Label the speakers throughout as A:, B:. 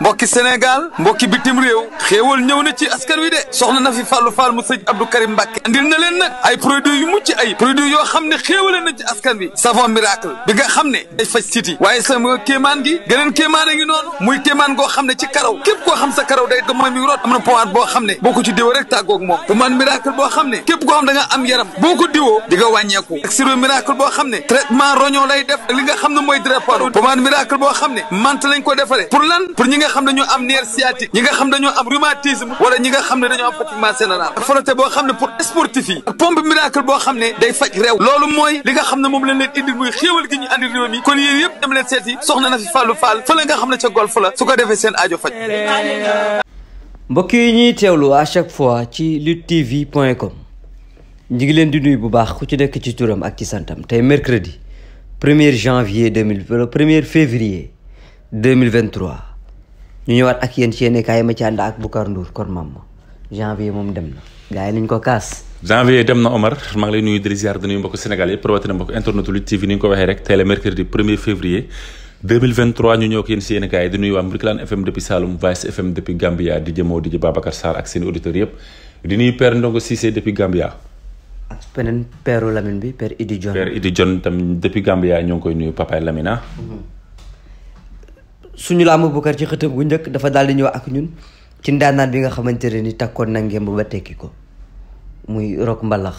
A: mbokki Sénégal mbokki bitim réew xéewal ñëw na ci askan wi de soxna na fi Fallou Fall mu sëñ Abdou Karim Mbacke andil na leen nag ay produits yu mucc ay produits yoo xam ne xéewale na ci askan wi savon miracle bi xam ne day faj siti waaye sama kéemaan gi geneen kéemaan a ngi noonu muy kéemaan goo xam ne ci karaw képp koo xam sa karaw day dama mi root xam ne boo ko xam ne am yaram boo ko diwoo di nga wàññeeku miracle boo xam ne traitement roñon lay def nga xam ne am nerf sciatique ñi nga xam dañoo am rhumatisme wala ñi nga xam ne dañoo am fatiguement général boo xam ne pour sportif boo xam ne day faj réew mooy li xam ne moom lañ leen indil muy xéewal gi ñu andi réew mi kon yéen nga xam ne ca golf la su ko defee seen aajo faj
B: mbokk yi ñuy teewlu chaque fois ci luttetv.com ñu ngi leen di nuyu bu baax ku ci nekk ci turam ak ci santam tey mercredi premier janvier deux mille premier février deux mille vingt ñu ñëwaat ak yéen ci yéen kaay ma ci ànd ak Boucar Ndour kon maam ma janvier moom dem na gars yi nañ ko kaas
C: janvier dem na Omar maa ngi lay nuyu di ziar di nuyu mbokk Sénégal yëpp rawatina mbokk internet Lutte TV ni nga ko waxee rek tey la mercredi 1er février 2023 ñu ñëw ak yéen si yéen kaay di nuyu waa Mbirkilaan FM depuis Saloum Vice FM depuis Gambia di jëmoo di jë Babacar Sarr ak seen auditeurs yëpp di nuyu Père Ndongo Cissé depuis Gambia
B: ak peneen Père Lamine bi Père Idi
C: John tam depuis Gambia ñoo koy nuyu Papa Lamina ah. mhm.
B: suñu làmb Boucar ci xëtam gu njëkk dafa daal di ñëw ak ñun ci ndaanaan bi nga xamante ne ni takkoon na ngeen ba tekki ko muy Rock Mbalax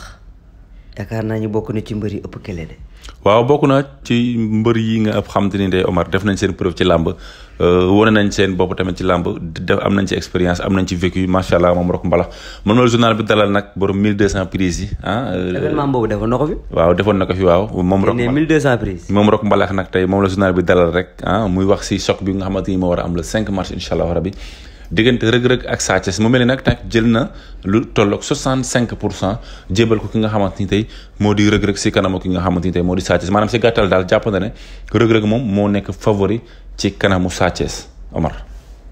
B: yaakaar naa ñi bokk na ci mbër yi ëpp kële de.
C: waaw bokk na ci mbër yi nga ëpp xam te ni day Omar def nañ seen preuve ci làmb Euh, wane nañ seen bopp tamit ci làmb def am nañ ci expérience am nañ ci vécu macha allah moom rok mbalax man ma journal bi dalal nag borom 1200 prises yi ah. Euh, événement boobu na ko fi. waaw moom rok mbalax 1200 prises. moom rok mbalax nag tey moom la journal bi dalal rek ah, muy wax si choc bi nga xamante ni moo war a am le 5 mars incha allah rabi. diggante rëg-rëg ak Sa mu mel ni nag nag jël na lu tolloog 65 pour cent jébal ko ki nga xamante ni tey moo di rëg-rëg si kanamu ki nga xamante ni tey moo di Sa Thiès maanaam daal jàpp na ne rëg moo nekk favori ci kanamu Sa Thiès Omar.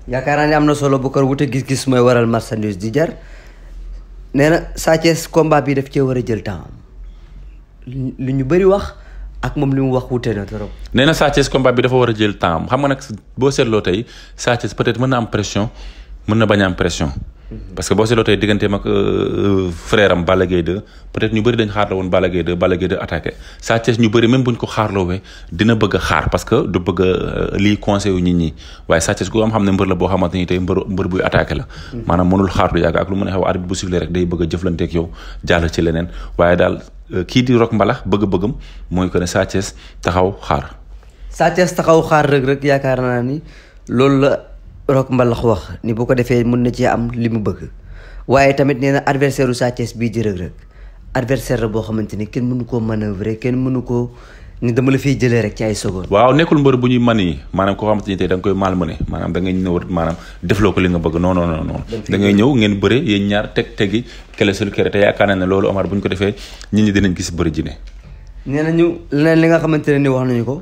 B: yaakaar naa ne am na solo bu ko wute gis-gis mooy waral marchandise di jar nee na Sa Thiès bi daf cee war a jël temps lu ñu bëri wax ak moom li mu wax wute na trop.
C: nee na Sa Thiès bi dafa war a jël temps xam nga nag boo seetloo tey Sa Thiès peut-être mën na am pression mën na bañ am pression. parce que boo seetloo tey digganteem ak euh, frère am Balla Gaye 2 ñu bëri dañ xaarloo woon Balla Gaye 2 Balla Gaye 2 attaqué Sa Thiès ñu bëri même buñ ko xaarloowee dina bëgg a xaar parce que du bëgg a euh, lii conseil yu nit ñi waaye Sa Thiès ku am xam ne mbër la boo xamante ni tey mbër mbër buy attaqué la maanaam mënul xaar lu yàgg ak lu mën a xew arbitre bu sifflé rek day bëgg a yow jàll ci leneen waaye daal euh, kii di Rock Mbalax bëgg-bëggam mooy que ne Sa Thiès taxaw xaar
B: Sa Thiès taxaw Rock Mbalax wax ni bu ko defee mën na ci am li mu bëgg waaye tamit nee na adversaire u Sa Thiès bii di Reug adversaire la boo xamante ni kenn mënu koo manœuvrer kenn mënu koo ni dama la fiy jëlee rek ci ay secondes.
C: waaw nekkul mbër bu ñuy man yi maanaam koo xamante ni tey da koy malmené maanaam da ngay ñëw maanaam defloo ko li nga bëgg non non non ñëw ngeen bëre yéen ñaar teg tegi kele sul kere te yaakaar na ne loolu Omar bu ñu ko defee nit ñi dinañ gis bëri ji ne
B: nee leneen li nga xamante ne ni wax nañu ko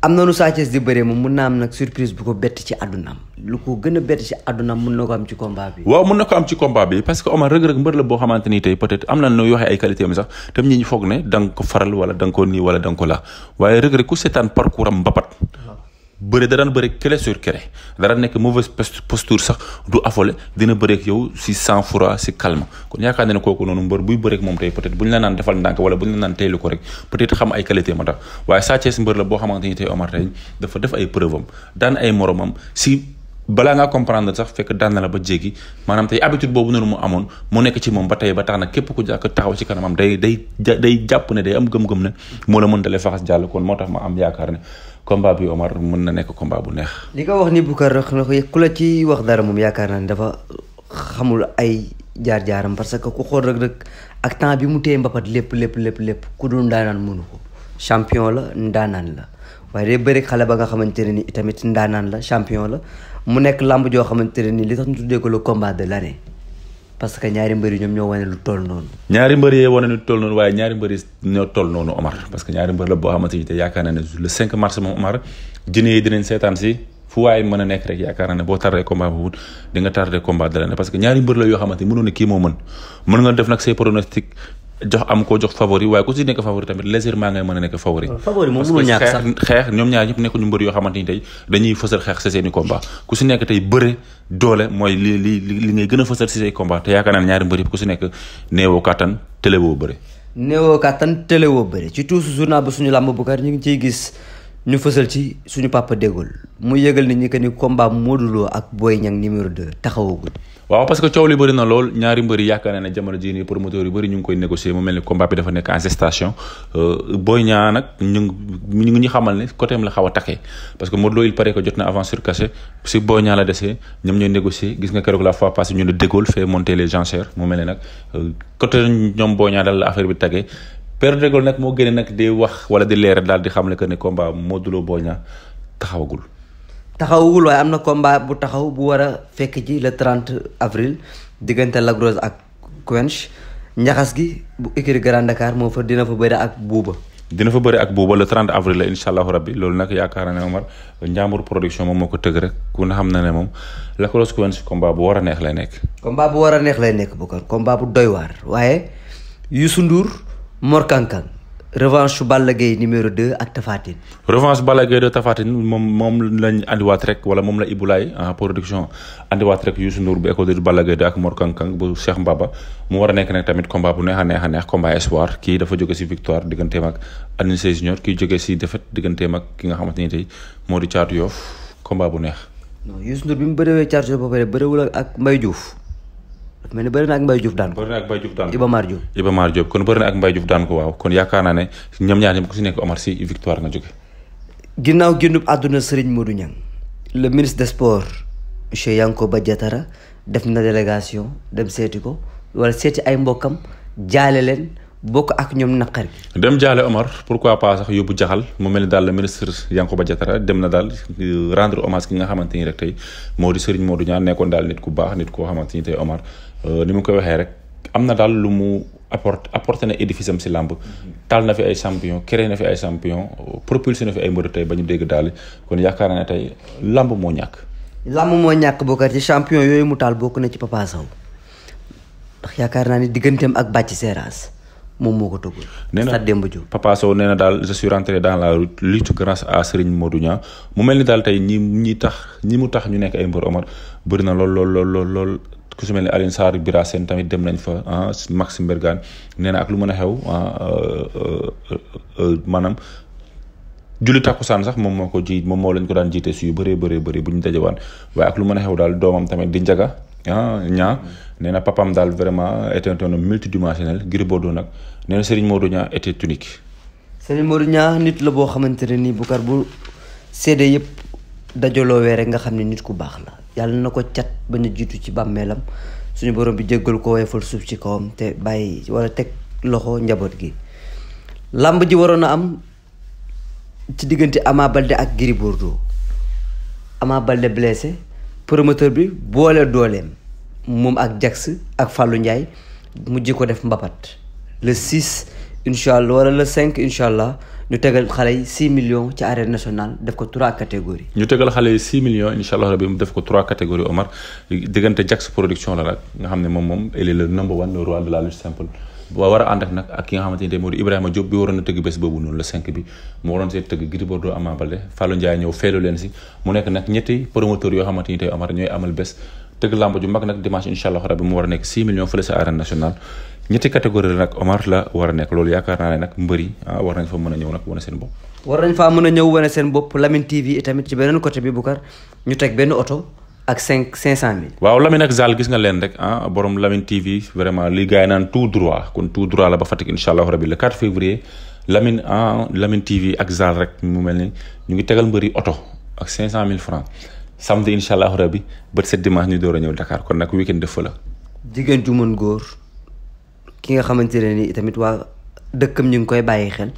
B: am na nu Sa Thiès di bëree moom mun naa am nag surprise bu ko bett ci àddunaam lu ko gën a bett ci àddunaam mun na ko am ci combat bi
C: waaw mun na ko am ci combat bi parce que Omar rëg-rëg mbër la boo xamante ni tey peut-être am na nuy waxee ay qualité am sax tam ñi ñu foog ne da nga ko faral wala da nga ko nii wala da ko laa waaye rëg-rëg ku seetaan parcours am mbapat bëre da daan bëre clé sur clé da daan nekk mauvaise posture sax du affolé dina bëreek yow si sang froid si calme kon yaakaar na ne kooku noonu mbër buy bëreek moom tey peut être bu ñu la naan defal ndànk wala bu ñu la naan teylu ko rek peut xam ay qualité ma tax waaye Sa Thiès mbër la boo xamante ni tey Omar tey dafa def ay preuve am daan ay moromam si balaa ngaa comprendre sax fekk daan la ba jéggi maanaam tey habitude boobu noonu mu amoon mu nekk ci moom ba tey ba tax na képp ku jàkk taxaw ci kanamam day day day jàpp ne day am gëm-gëm ne moo la mën dalee faxas jàll kon moo tax ma am yaakaar ne combat bi mën na nekk combat bu neex.
B: li nga wax ni Boucar wax na ko ku la ci wax dara moom yaakaar naa dafa xamul ay jaar-jaaram parce que ku xool rek rek ak temps bi mu téye mbapat lépp lépp lépp lépp ku dul ndaanaan mënu ko champion la ndaanaan la waaye day bëri xale ba nga xamante ne ni tamit ndaanaan la champion la. mu nekk làmb joo xamante ne nii li tax ñu tuddee ko le combat de l'année parce que ñaari mbër yi ñoom ñoo wane lu toll noonu.
C: ñaari mbër yee wane lu toll noonu waaye ñaari mbër yi ñoo toll noonu Omar parce que ñaari mbër la boo xamante ni te yaakaar naa ne a boo tardé combat boobu di nga tardé combat de l'année parce que ñaari mbër la yoo xamante ni mënoon kii moo mën mën nga def nag say pronostic jox am koo jox favori waaye ku si nekk favori tamit légèrement ngay mën a nekk favori. favori moom mënul ñàkk sax xeex ñoom ñaar ñëpp nekkuñu mbër yoo xamante ni tey dañuy fësal xeex si seen combat ku si nekk tey bëre doole mooy li li li ngay gën a fësal si combat te yaakaar naa ñaari mbër yëpp ku si nekk néewoo kàttan télé woo bëre.
B: néewoo tan télé woo bëre ci tuuti journal ba suñu làmb bu ñu ngi ciy gis. ñu fësal ci suñu papa déggul mu yëgal nit ñi que ni combat Modou Lo ak Boy Niang numéro 2 taxawagul.
C: waaw parce que coow li bëri na lool ñaari mbëri yaakaar naa ne jamono jii nii promoteur yu bëri ñu ngi koy négocier mu mel ni combat bi dafa nekk en gestation euh, Boy Niang nag ñu ñu ngi xamal ne côté am xaw a takkee parce que Modou Lo il paraît jot na avance sur cachet si Boy Niang la desee ñoom ñooy négocier gis nga keroog la fois ñu ne déggul fait monter les enchères mu mel ne nag euh, côté ñoom Boy Niang dal la affaire bi taggee Père de Gaulle nag moo gën nag di wax wala di leeral daal di xam ne que ne combat Modou Lo Boy Niang taxawagul. taxawagul waaye am na combat
B: bu taxaw bu war a fekk ji le 30 avril diggante Lac ak Quench
C: njaxas gi bu écurie Grand Dakar moo dina fa bëri ak buuba. dina fa bëri ak booba le 30 avril la incha allahu rabbi loolu nag yaakaar na ne Omar Njàmbur production moom moo ko tëgg na xam na ne moom Lac Rose Quench combat bu war a neex lay nekk.
B: combat bu war a lay nekk bu kon combat bu doy waar waaye Youssou Ndour Mor Kankan
C: revanche Balla Gaye numéro 2 ak Tapha Tine. revanche Balla Gaye 2 Tapha Tine moom moom lañ andiwaat rek wala moom la Ibulaay ah, en production andiwaat rek Youssou Ndour bu école de Balla Gaye 2 ak Mor Kankang bu Cheikh Mbaba mu war a nekk nag tamit combat bu neex a neex a neex combat espoir kii dafa jóge si victoire digganteem ak Alioune Sèye Junior kii jóge si défaite digganteem ak ki nga xamante ni tey moo di Caatu Yoff combat bu neex.
B: non Youssou bi mu bëreewee Caatu Yoff ba pare bëreewul ak Mbaye mel ni bëri na ak Mbaye Diouf daan ko bëri na ak Mbaye ko Iba Mar Diop
C: Iba kon bëri ak Mbaye Diouf daan ko waaw kon yaakaar naa ne ñoom ñaar ñoom ku si nekk Omar si victoire nga jóge
B: ginnaaw génnub àdduna Serigne Modou Niang le ministre des sports monsieur Yankoba Diatara def na délégation dem seeti ko wala seeti ay mbokkam jaale leen bokk ak ñoom naqar
C: bi dem jaale Omar pourquoi pas sax yóbbu jaxal mu mel ni daal le ministre Yankoba Diatara dem na daal euh, rendre hommage ki nga xamante ni rek tey moo di Serigne Modou Niang nekkoon daal nit ku baax nit koo xamante ni tey Omar Euh, ni mu koy waxee rek am na daal lu mu apporte apporté na édifice am si làmb taal na fi ay champion créé na fi ay champion propulsé na fi ay mbër tey ba ñu dégg daal kon yaakaar naa ne tey làmb moo ñàkk.
B: làmb moo ñàkk bokkat ci champion yooyu mu taal bokk na ci Papa ndax yaakaar naa ni digganteem ak bàcc seeraas
C: moom moo ko tëggul. nee na Papa Sow nee na daal je suis rentré dans la lutte grâce à Serigne Modou Niang mu mel ni daal tey ñi ñi tax ñi mu tax ñu nekk ay mbër bëri na lool lool lool lool. ku su alin ne Alioune Sarr tamit dem nañ fa ah Maxime Bergane nee na ak lu mën a xew ah, euh, euh, euh, maanaam julli tàkkusaan sax moom moo ko ji moom moo lañ ko daan jiite suyu bëree bëree bëri bu ñu dajewaan waaye ak lu mën a xew daal doomam tamit di njaga ah ñaa nee na papam daal vraiment était un multidimensionnel Gris Bordeaux nag nee na Serigne ñaa Niang était unique. Serigne Modou Niang nit
B: la boo xamante ne nii Boucar bu seede yëpp dajaloowee rek nga xam ne nit ku baax la. yàlla na ko cat ba ñu jiitu ci bàmmeelam suñu borom bi jéggal ko woyofal suuf ci kawam te bàyyi walla teg loxo njaboot gi. làmb ji waroon a am ci diggante Ama Baldé ak Gris Bordeaux Ama Baldé promoteur bi boole dooleem moom ak Jax ak Fallou Ndiaye mujj ko def mbapat le 6. incha allah wala le cinq incha allah ñu tegal xale yi six millions ci arène nationale def ko trois catégories.
C: ñu tegal xale yi six millions incha allah rabi mu def ko trois catégories Omar diggante Jax production la nag nga xam ne moom moom il est le number a ànd ak nag ak ki nga xamante ni tey moo di bi a tëgg bés mu leen si mu nekk nag ñetti yoo xamante ni tey amal bés tëgg làmb war a nekk 6 millions fële sa arène nationale ñetti catégorie la nag Omar la war a nekk loolu yaakaar naa ne nag mbër yi ah, war nañ fa mën a ñëw nag wane seen bopp.
B: war nañ faa mën a ñëw wane seen bopp Lamine TV tamit ci beneen côté bi Boucar ñu teg benn oto ak cinq cinq cent
C: waaw Lamine ak Zal gis nga leen rek ah borom Lamine TV vraiment li gars naan tout droit kon tout droit la ba Fatick incha allah rabi le 4 février Lamine ah Lamine TV ak Zal rek mu mel ni ñu ngi tegal mbër oto ak cinq cent mille francs samedi incha allah rabi bët set dimanche ñu door a ñëw Dakar kon nag weekend def fa la. jigéen ju mën góor.
B: ki nga xamante ne ni tamit waa dëkkam ñu ngi koy bàyyi xel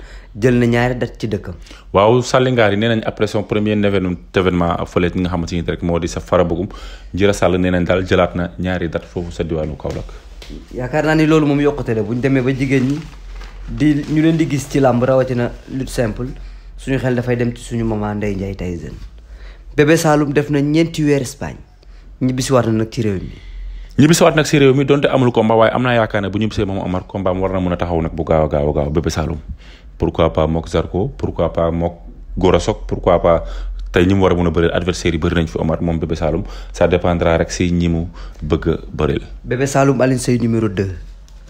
B: jël na ñaari dat ci dëkkam.
C: waaw Sall Ngari nee nañ après son premier événement fële nga xamante ni rek moo di sa farabugum Jira Sall nee nañ daal jëlaat na ñaari dat foofu sa diwaanu Kaolack.
B: yaakaar naa ni loolu moom yokkute la bu ñu demee ba jigéen ñi di ñu leen di gis ci làmb rawatina lutte simple suñu xel dafay dem ci suñu maman Ndeye Ndiaye Tyson Bébé Saloum def na ñeenti weer Espagne ñibbisiwaat na nag ci réew mi.
C: ñibbisiwaat nag si réew mi donte amul combat waaye am naa yaakaar ne bu ñibbisee moom Omar combat am war na mën a taxaw nag bu gaaw a gaaw a gaaw Bébé Saloum pourquoi pas mook Zarko pourquoi pas mook Gora Sock pourquoi pas tey ñi mu war a mën a bëreel adversaire yi bëri nañ fi Omar moom Bébé Saloum ça dépendra rek si ñi mu bëgg a bëreel.
B: Bébé Saloum Alioune Seye numéro 2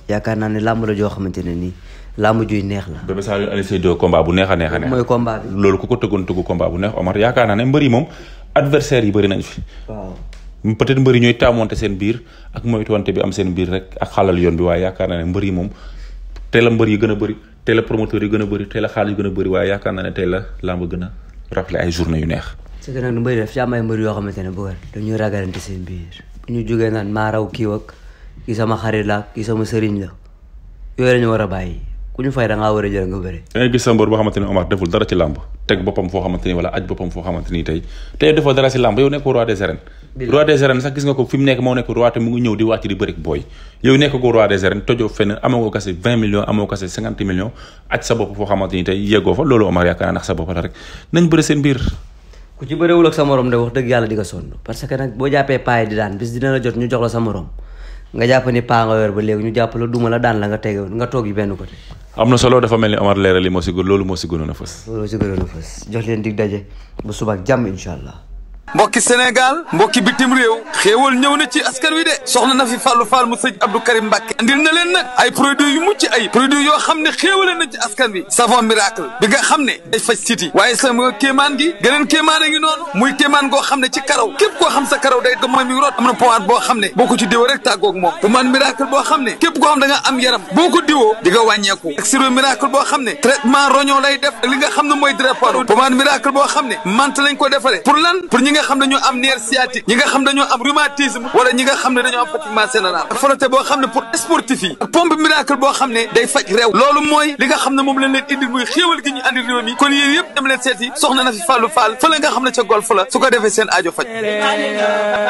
B: yaakaar naa ne làmb la joo xamante ne nii làmb juy neex
C: la. Bébé Saloum Alioune Seye 2 combat bu neex a neex a neex. mooy combat bi loolu ku ko tëggoon tëggu combat bu neex Omar yaakaar naa ne mbër yi moom adversaire yi bëri nañ fi. waaw peut-être mbër yi ñooy taamonte seen biir ak moytuwante bi am seen biir rek ak xalal yoon bi waaye yaakaar na ne mbër yi moom tey la mbër yi gën a bëri tey la promoteur yi gën a bëri tey la xaalis yi gën a bëri waaye yaakaar naa ne tey la làmb a rappelé ay journée yu neex
B: c'est que nag nu mbëri def ci am ay mbër yoo xamante ne bu wér dañuy ragalante seen biir bu ñu jógee naan maa raw kii ak kii sama xarit la kii sama sëriñ la yooyu a ñu war a bàyyi ku ñu fay da ngaa war a jël nga bëri
C: da ngay gis sa mbër boo xamante ne Omar deful dara ci làmb teg boppam foo xamante ni tey tey defoo dara si làmb yow nekk roi des arènes roi des arènes sax gis nga ko fi nekk moo nekk roi te mu ngi ñëw di wàcc di bëri booy yow ko roi des millions aj sa bopp foo xamante tey yeggoo fa loolu Omar yaakaar naa ndax sa bopp la rek nañ bëri seen biir ku ci bëriwul ak sa morom de wax dëgg yàlla di nga sonn
B: parce que nag boo jàppee paay di daan bis dina la jot ñu jox sa morom nga jàpp ni paa nga wér ba léegi ñu jàpp la duma la daan la nga tege nga toog yi benn côté.
C: am na solo dafa mel ni Omar leeral moo si gën loolu moo si gënoon a fës. loolu
B: moo si gënoon a jox leen dig daje ba suba ak jàmm incha allah.
A: mbokki Sénégal mbokki bitim réew xéewal ñëw na ci askan wi de soxna na fi Fallou Fall mu sëñ Abdou Karim Mbacke andil na leen nag ay produits yu mucc ay produits yoo xam ne xéewale na ci askan wi savon miracle bi xam ne day faj siti waaye sama kéemaan gi geneen kéemaan a ngi muy kéemaan goo xam ne ci karaw képp koo xam sa karaw day dama mi root xam ne boo ko xam ne am yaram boo ko diwoo di nga wàññeeku miracle boo xam ne traitement roñon lay def nga xam ne dañoo am nerf sciatique ñi nga xam dañoo am rhumatisme wala ñi nga xam ne dañoo am fatiguement sédentaire ak frotté boo xam ne pour sportif pompe miracle boo xam ne day faj réew loolu mooy li nga xam ne moom lañ leen indil muy gi ñu andi kon yéen yëpp dem leen seeti soxna na fi fàllu faal fële nga xam ne ca golf la su ko defee seen aajo faj